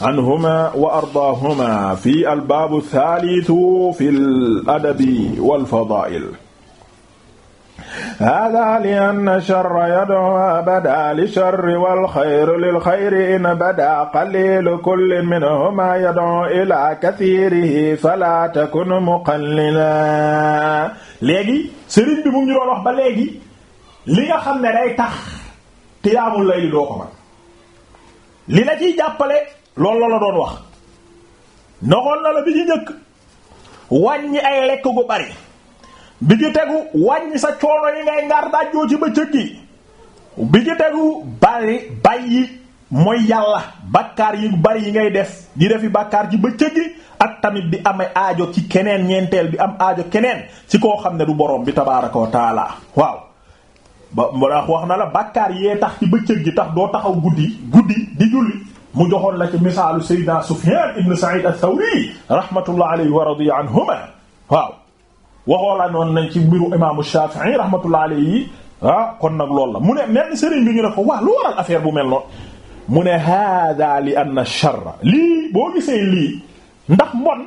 anhuma wa ardaahuma fi albaabu thaalithu fi al-adabi wal-fadaa'il haadaa li-anna sharra yad'u abadaa li-sharri wal-khayru lil-khayri in badaa qaliilu kullin minhumaa yad'u ilaa kathiirihi falaa takun muqallilaa léegi sëriñ bi mu ngi doon wax ba léegi li nga xam ne day tax qiyaamul layli doo ko mën li la ciy jàppale loolu la la doon wax noxoon na la bi ci njëkk wàññi ay lekk gu bari bi ci tegu wàññi sa coono yi ngay ngar dajjoo ci bëccëg gi bi ci tegu bari bàyyi mooy yàlla bàkkaar yi bari yi ngay def di defi bàkkaar ci bëccëg gi ak tamit di amee aajo ci keneen ñeenteel bi am aajo keneen ci koo xam ne du borom bi tabaaraka wa taala waaw ba wax na la bàkkaar yee tax ci bëccëg gi tax doo taxaw guddi guddi di julli mu joxoon la ci misaalu Seydina Sufyaan ibn Sa'iid ath-Thawri rahmatullah alayhi wa radiya anhuma waaw waxoo la noonu nañ ci mbiru imaamu Shaafi'i rahmatullah alayhi ah kon nag loolu la mu ne mel ni sëriñ bi ñu ne ko waaw lu waral affaire bu mel noonu mu ne hada li anna sharra lii boo gisee lii ndax mbon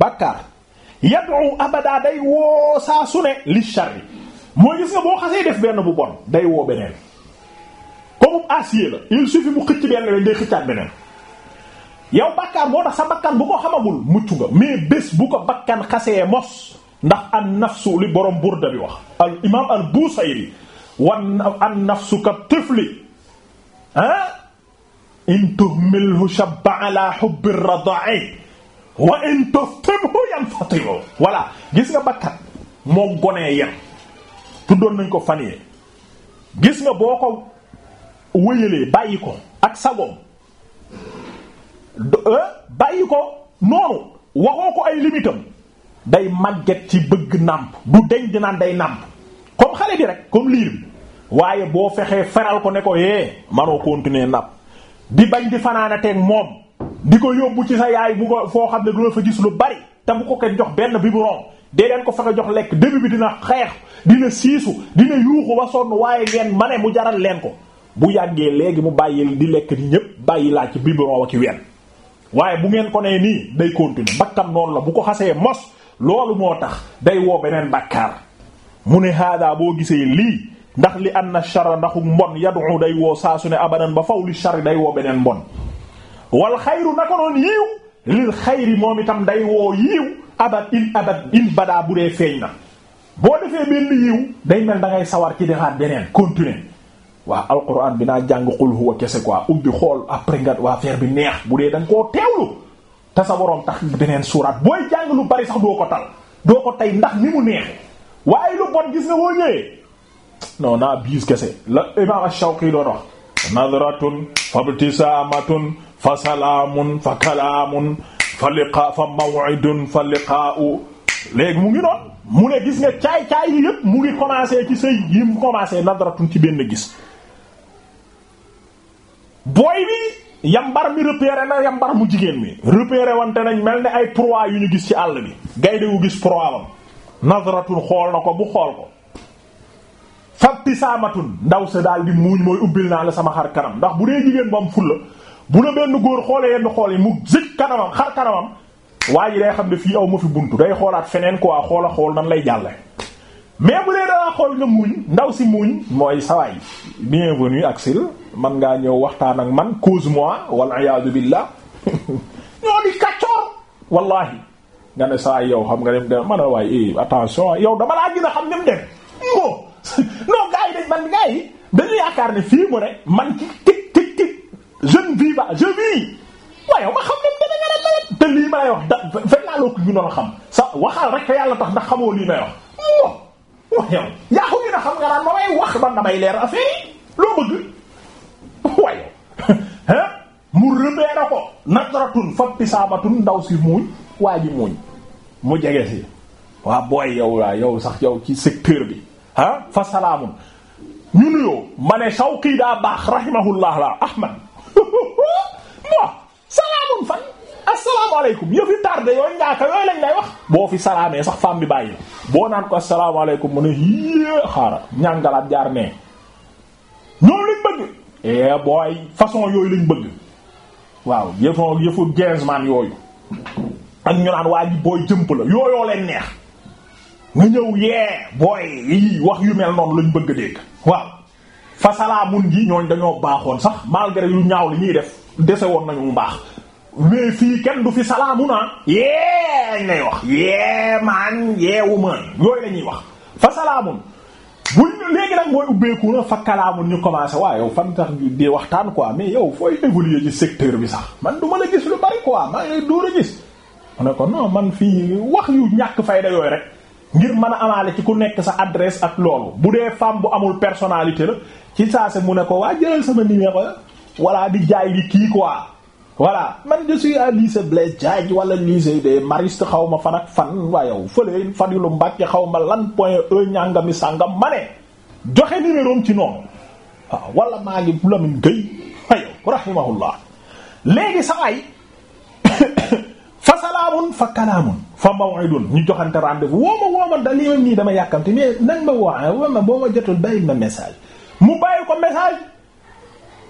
bàkkaar yad'u abada day woo saa su ne li sharri mooy gis nga boo xasee def benn bu bon day woo beneen pompe acier la yow bakkaar moo tax sa bakkan bu ko xamagul nga mais bés bu bakkan xasee mos ndax an nafsu li borom burda bi wax al imaam al busayri wan an nafsu ka tifli ah in tuhmilhu shabba ala hubbi rada'i wa in tuftimhu gis nga bakkan moo gonee yem tuddoon nañ ko fan yee gis nga boo ko wëyalee bàyyi ko ak sagoom euh, bàyyi ko noonu waxoo ko ay limitam day màgget ci bëgg nàmp du deñ di naan day nàmp comme xale bi rek comme liir bi waaye boo fexee feral ko ne ko yee manoo continuer nàmp di bañ di fanaanateeg moom di ko yóbbu ci sa yaay bu ko foo xam ne du la fa gis lu bari te bu ko kenn jox benn biberon dee leen ko fexe jox lekk début bi dina xeex dina siisu dina yuuxu ba sonn waaye ngeen ma ne mu jaral leen ko bu yàggee léegi mu bàyyi di lekk di ñépp bàyyi laa ci biberon ak wen waaye bu ngeen ko nee nii day continuer bakkam la bu ko xasee mos loolu moo tax day woo beneen bàkkaar mu ne haadaa boo gisee lii ndax li anna shara ndaxu mbon yadu day woo saa su ne abadan ba faw li shari day woo beneen mbon wal xayru naka noon yiiw lil xayri moom itam day woo yiiw abad in abad in badaa bu dee feeñ na boo defee benn yiiw day mel da ngay sawar ci defaat beneen continuer waa alquran bi naa jàng xul huwa kese quoi ubbi xool après nga waa affaire bi neex bu dee da nga koo teewlu te tax beneen suuraat booy jàng lu bari sax doo ko tal ndax ni mu neex waaye lu bon gis nga boo ñëwee non biis kese la imam doon wax nadratun fa ibtisaamatun fa salaamun fa kalaamun fa liqa fa maw'idun fa liqaa'u léegi mu ngi noonu mu ne gis nga caay caay yi yëpp mu ngi commencé ci sëy yi mu commencé nadratun ci benn gis booy bi yambar mi repéré na yambar mu jigéen mi repéré wante nañ mel ni ay proie yu ñu gis ci àll bi gaynde gu gis proie bam nadratun xool na ko bu xool ko fabtisaamatun ndaw sa daal di muuñ mooy ubbil naa la sama xar kanam ndax bu dee jigéen bu am fulla bu la benn góor xoolee yenn xool yi mu zëj kanamam xar kanamam waa ji day xam ne fii aw ma fi buntu day xoolaat feneen quoi xool a xool nan lay jàlle mais bu dee dangaa xool nga muuñ ndaw si muuñ mooy sawaay bienvenue Axel man ngaa ñëw waxtaan ak man cause mois wal iyaadu billah ñoo di kaccoor wallahi nga ne saa yow xam nga dem de man a waaye eh, attention yow dama laa gën a xam ni mu dem moo non gars dañu yaakaar ne fii mu ne man tig tig tig jeune vis ba je yàlloo ko gënoon xam sa waxal rek yàlla tax ndax xamoo lii may wax mo mo yow yaa ko gën a xam nga naan ma may wax man damay leer affaire yi loo bëgg waaye ah mu rëbeera ko nadratun fabtisaamatun ndaw si muuñ waa ji muuñ mu jege si waa booy yow waa yow sax yow ci secteur bi ah fa salaamun ñu nuyoo ma ne Shawqi daa baax rahimahullah la Ahmad asalaamaaleykum yëf yi tardé yooyu ngaaka yooyu lañ lay wax boo fi salaamee sax femme bi bàyyi boo naan ko asalaamaaleykum mu ne yée xaara ñàngalaat jaar nee ñoom lañ bëgg eh booy façon yooyu lañ bëgg waaw yëfoo yëfu gainsman yooyu ak ñu naan waa booy jëmp la yooyoo leen neex nga ñëw yee booy wax yu mel noonu lañ bëgg a dégg waaw fa salaamun gi ñooñ dañoo baaxoon sax malgré yu ñaaw li ñuy def dese woon nañu mu baax mais fii kenn du fi salaamu naa yee añ lay wax yee maan yeewu maan yooyu la ñuy wax fa salaamun buñ léegi nag mooy ubbeeku na fa kalaamun ñu commencé waa yow fan tax di waxtaan quoi mais yow fooy évoluer ci secteur bi sax man du ma la gis lu bari quoi maa ngi lay dóor gis ma ne ko non man fii wax yu ñàkk fayda yooyu rek ngir mën a amaale ci ku nekk sa adresse ak loolu bu dee femme bu amul personnalité la ci saa si mu ne ko waa jëlal sama numéro wala di jaay li kii quoi voilà man je suis à lycée Blaise Diagne wala lycée des Maristes xaw ma fan ak fan waa yow fële Fadilu Mbàkke xaw ma lan point e ñàngami sàngam ma ne joxe numérom ci noonu waaw wala maa ngi Lamine Gueye ayow rahimahullah léegi sawaay fa salaamun fa kalaamun fa maw'idun ñu joxante rendez-vous wooma wooma da nii dama yàkkamte mais nag ma waa ma boo ma jotul bàyyi ma message mu bàyyi ko message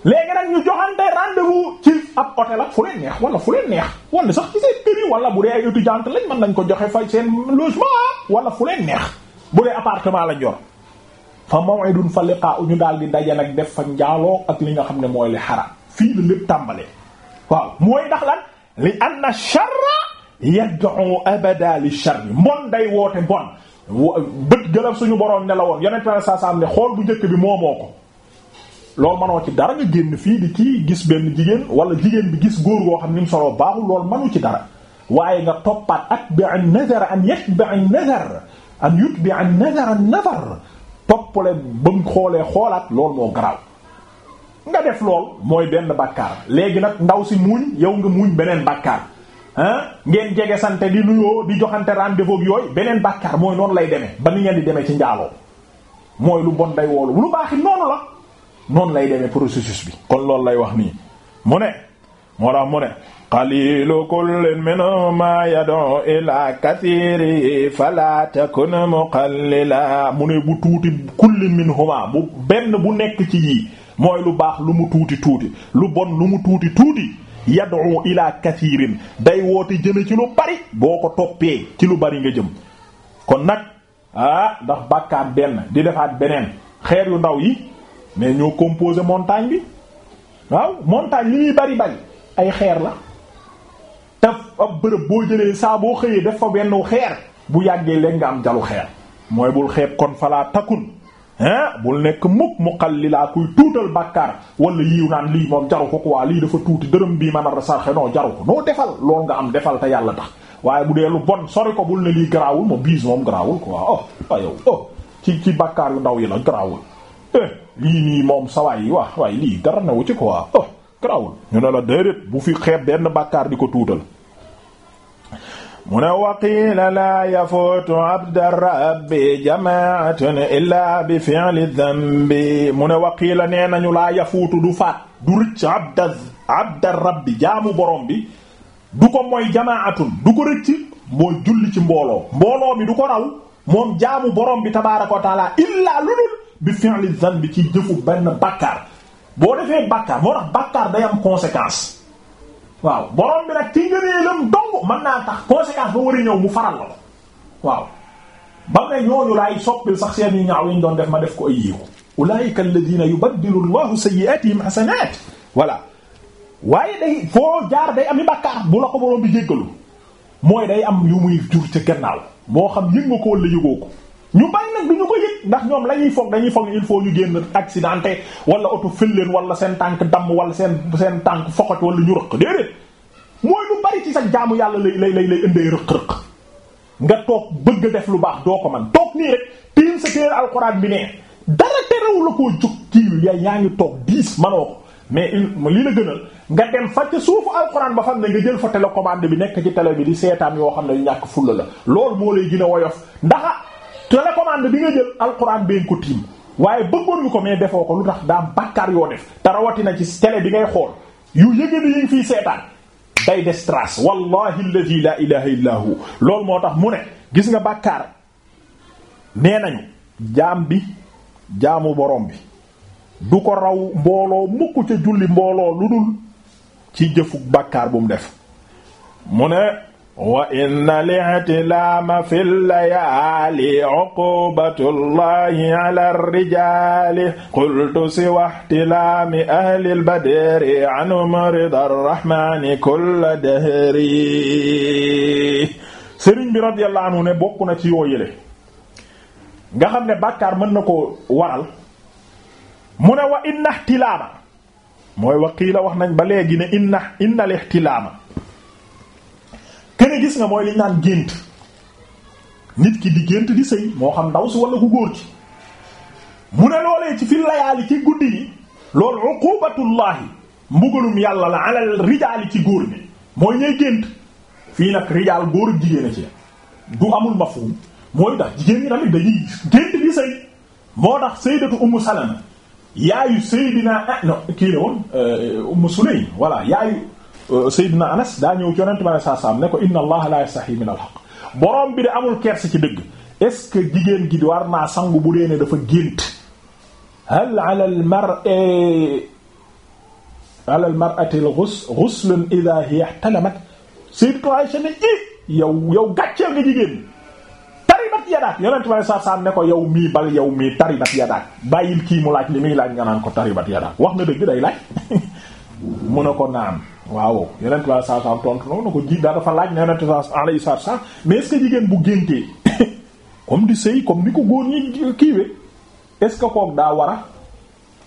léegi nag ñu joxante rendez ci ab hôtel ak fu leen neex wala fu leen neex wala sax ci seen kër yi wala bu dee ay étudiante lañ mën nañ ko joxe fay seen logement wala fu leen neex bu dee appartement lañ yor fa maw'idun fa liqa'u ñu daal di daje nag def fa njaaloo ak li nga xam ne mooy li xaram fii la lépp tàmbalee waaw mooy ndax lan li anna sharra yad'u abada li sharri mbon day woote mbon bët gëlëm suñu borom ne la woon yeneen am ne xool bu njëkk bi moomoo ko. loo mënoo ci dara nga génn fii di kii gis benn jigéen wala jigéen bi gis góor goo xam ni mu soloo baaxul loolu mënu ci dara waaye nga toppaat atbi an nazar an yatbi an nazar an yutbi an nazar an nazar toppale ba mu xoolee xoolaat loolu moo garaaw nga def lool mooy benn bàkkaar léegi nag ndaw si muuñ yow nga muuñ beneen bàkkaar ah ngeen jege sante di nuyoo di joxante rendez-vous yooyu beneen bàkkaar mooy noonu lay demee ba ni ngeen di demee ci njaaloo mooy lu bon day woolu lu baaxi noonu la noonu lay demee processus bi kon loolu lay wax nii mu ne moo tax mu ne qalilu kullin minhuma yad'u ila kathiri fala takun muqallila mu ne bu tuuti kullin minhuma bu benn bu nekk ci yii mooy lu baax lu mu tuuti tuuti lu bon lu mu tuuti tuuti yad'u ila kathirin day woote jëme ci lu bari boo ko toppee ci lu bari nga jëm kon nag ah ndax bàkkaat benn di defaat beneen xeer yu ndaw yi mais ñoo composé montagne bi waaw montagne li muy bari bari ay xeer la taf ab bërëb boo jëlee saa boo xëyee def fa benn xeer bu yàggee léegi nga am jalu xeer mooy bul xeeb kon falaa takkun hein bul nekk mukk muqal li laa kuy tuutal bàkkaar wala yiw naan lii moom jaru ko ko waa lii dafa tuuti dërëm bii man a sarxe non jaru ko noo defal lool nga am defal te yàlla tax waaye bu dee lu bon sori ko bul ne lii garaawul moom biis moom garaawul quoi oh ayow oh, ci ci yu ndaw yi la garaawul eh, lii nii moom sawaay yi wax waaye lii dara newu ci quoi oh garawul ñu ne la déedéet bu fi xeeb benn bàkkaar di ko tuutal mu ne waqiila laa yafuutu abda rabbi jamaatun illaa bi fi'li dambi mu ne waqiila nee nañu laa yafuutu du faat du rëcc abda rabbi jaamu borom bi du ko mooy jamaatun du ko rëcc mooy julli ci mbooloo mbooloo mi du ko raw moom jaamu borom bi tabaaraka wa taala illaa lulul bi fi'li dhanbi bi ci jëfu benn bàkkaar boo defee bàkkaar moo tax bàkkaar day am conséquence waaw borom bi nag ci ngëneelam dong mën naa tax conséquence ba war a ñëw mu faral la ko waaw ba nga ñooñu laay soppil sax seen yu ñaaw yi ñu doon def ma def ko ay yiw ulaa'ika alladhiina yubaddilu Allahu sayyi'aatihim hasanaat voilà waaye day foo jaar day am i bàkkaar bu la ko borom bi jéggalu mooy day am yu muy jur ca gannaaw moo xam yëg nga ko walla yëgoo ko ñu bari nag du ñu ko yëg ndax ñoom la ñuy foog dañuy foog il faut ñu génn accidenté wala oto fël leen wala seen tànk damm wala seen seen tànk foxot wala ñu rëq déedéet mooy lu bari sa jaamu yàlla lay lay lay lay indee rëq-rëq nga toog bëgg a def lu baax doo ko man toog nii rek tiim sa bi ne dara terew la koo jóg kii yaa ngi toog diis manoo ko mais il lii la gënal nga dem fa ca suufu alxuraan ba xam ne nga jël fa télécommande bi nekk ci télé bi di seetaan yoo xam ne yu ñàkk fulla la loolu moo lay gin a woyof ndaxa télécommande bi nga jël alxuraan bee ko tiim waaye bëggoon nga ko mais defoo ko lu tax daa am bàkkaar yoo def te rawatina ci télé bi ngay xool yu yëgee ni yi ngi fiy seetaan day des trace wallahi alladi la ilaha illa loolu moo tax mu ne gis nga bàkkaar nee nañu jaam bi jaamu borom bi du ko raw mbooloo mukk ca julli mbooloo lu dul ci jëfu bàkkaar bu mu def mu ne wa inna li'tilaama fi layaali uqubatu llahi ala rijaali qultu siwa ihtilaami ahli lbadri anhum rida rrahmani kulla dahri sëriñ bi radiyallahu anhu ne bokk na ci yoo yële nga xam ne bàkkaar mën na ko waral mu ne wa inna ihtilaama mooy waqiila wax nañ ba léegi ne inna inna lihtilaama kene gis nga mooy liñ naan gént nit ki di gént di sëy moo xam ndaw si wala ku góor ci mu ne loolee ci fi layaali ci guddi yi loolu uqubatullahi mbugalum yàlla la alal rijaali ci góor ni mooy ñey gént fii nag rijaal góor ak jigéen a ci du amul mafhum mooy tax jigéen ñi tamit dañuy gént di sëy moo tax sayyidatu ummu salama yaayu sayyidina ah non kii la woon euh, ummu sulaym voilà yaayu Euh, Seydina Anas daa ñëw ci yonent bi alayhi salaam ne ko inna allaha la yastahi min al haqq borom bi de amul kersa ci dëgg est-ce que jigéen gi war naa sangu bu dee ne dafa gént hal ala al mar'i ala al mar'ati al ghuslun idha hiya ihtalamat Sayyidatu Aisha ne i yow yow gàcceel nga jigéen taribat yadaak yonent bi alayhi salaam ne ko yow mii bal yow mii taribat yadaak bàyyil kii mu laaj li muy laaj nga naan ko taribat yadaak wax na dëgg day laaj mu ne ko naam waaw yonent bi saa saa tontu noonu na ko jii daa dafa laaj ne yonent saa alayhi salaatu salaam mais est-ce que jigéen bu géntee comme di sëy comme ni ko góor ñi kiiwee est-ce que kook daa war a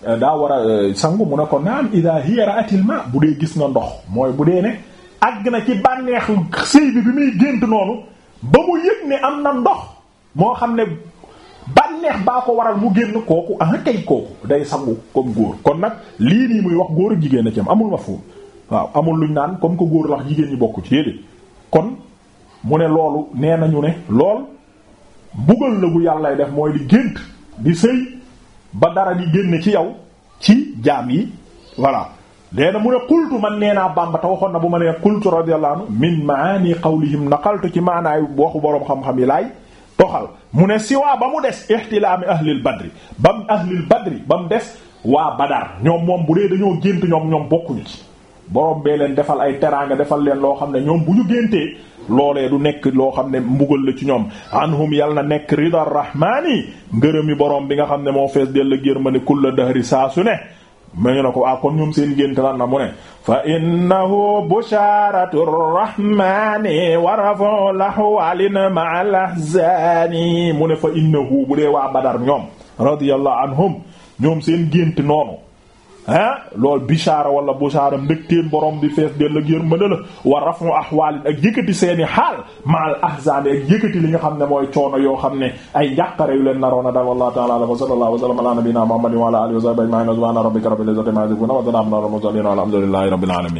euh, daa war a euh, sangu mu ne ko naam idaa hiya ra'atil bu dee gis na ndox mooy bu dee ne àgg na ci bànneexu sëy bi bi muy gént noonu ba mu yëg am na ndox moo xam ne bànneex baa ko waral mu génn kooku ah kay kooku day sangu comme góor kon nag lii nii muy wax góor ak jigéen a ci amul ma foofu waaw amul luñ naan comme que góor wax jigéen ñi bokk ci yédé kon mu ne loolu nee nañu ne lool mbugal la bu yàllay def mooy di gént di sëy ba dara di génn ci yow ci jaam yi voilà na mu ne qultu man nee naa Bamba te waxoon na bu ma nee qultu radiyallahu anhu min maani na naqaltu ci maanaay waxu boroom xam-xam yi laay toxal mu ne si waa ba mu des ihtilaami ahlil badri ba mu ahlil badri ba mu des waa badar ñoom moom bu dee dañoo gént ñoom ñoom bokkuñu ci borom bee leen defal ay teraanga defal leen loo xam ne ñoom bu ñu géntee loolee du nekk loo xam ne mbugal la ci ñoom anhum yal na nekk ridar rahmaani ngërëm yi borom bi nga xam ne moo fees dell gërmane kulla dahri saa su ne mu ngi ko waa ah, kon ñoom seen gént lan na mu ne fa innahu busharatu rahmani wa rafu lahwalin ma'al ahzani mu ne fa innahu bu dee waa badar ñoom radiyallahu anhum ñoom seen gént noonu ah loolu bichaara wala buchaara mbégteen borom bi fees dell ak yërmande la wa rafu ahwaalin ak yëkkati seen i xaal maal ahzaani ak yëkkati li nga xam ne mooy coono yoo xam ne ay njàqare yu naroon a daal wallahu wa sallallahu wa sallama ala nabiyyina muhammadin wa ala alihi wa sahbihi ajma'in subhana rabbika rabbil izzati amma yasifun wa salamun ala al mursalin walhamdulillahi alamin